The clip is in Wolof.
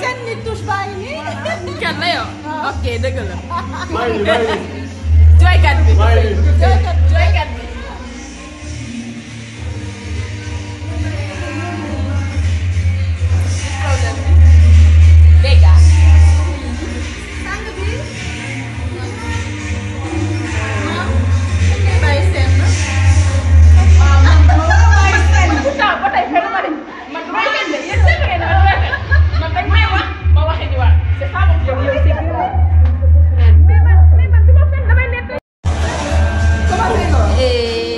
seen nit touche baa ngi nii. kan la yow. ok dëgg la. jooykat bi.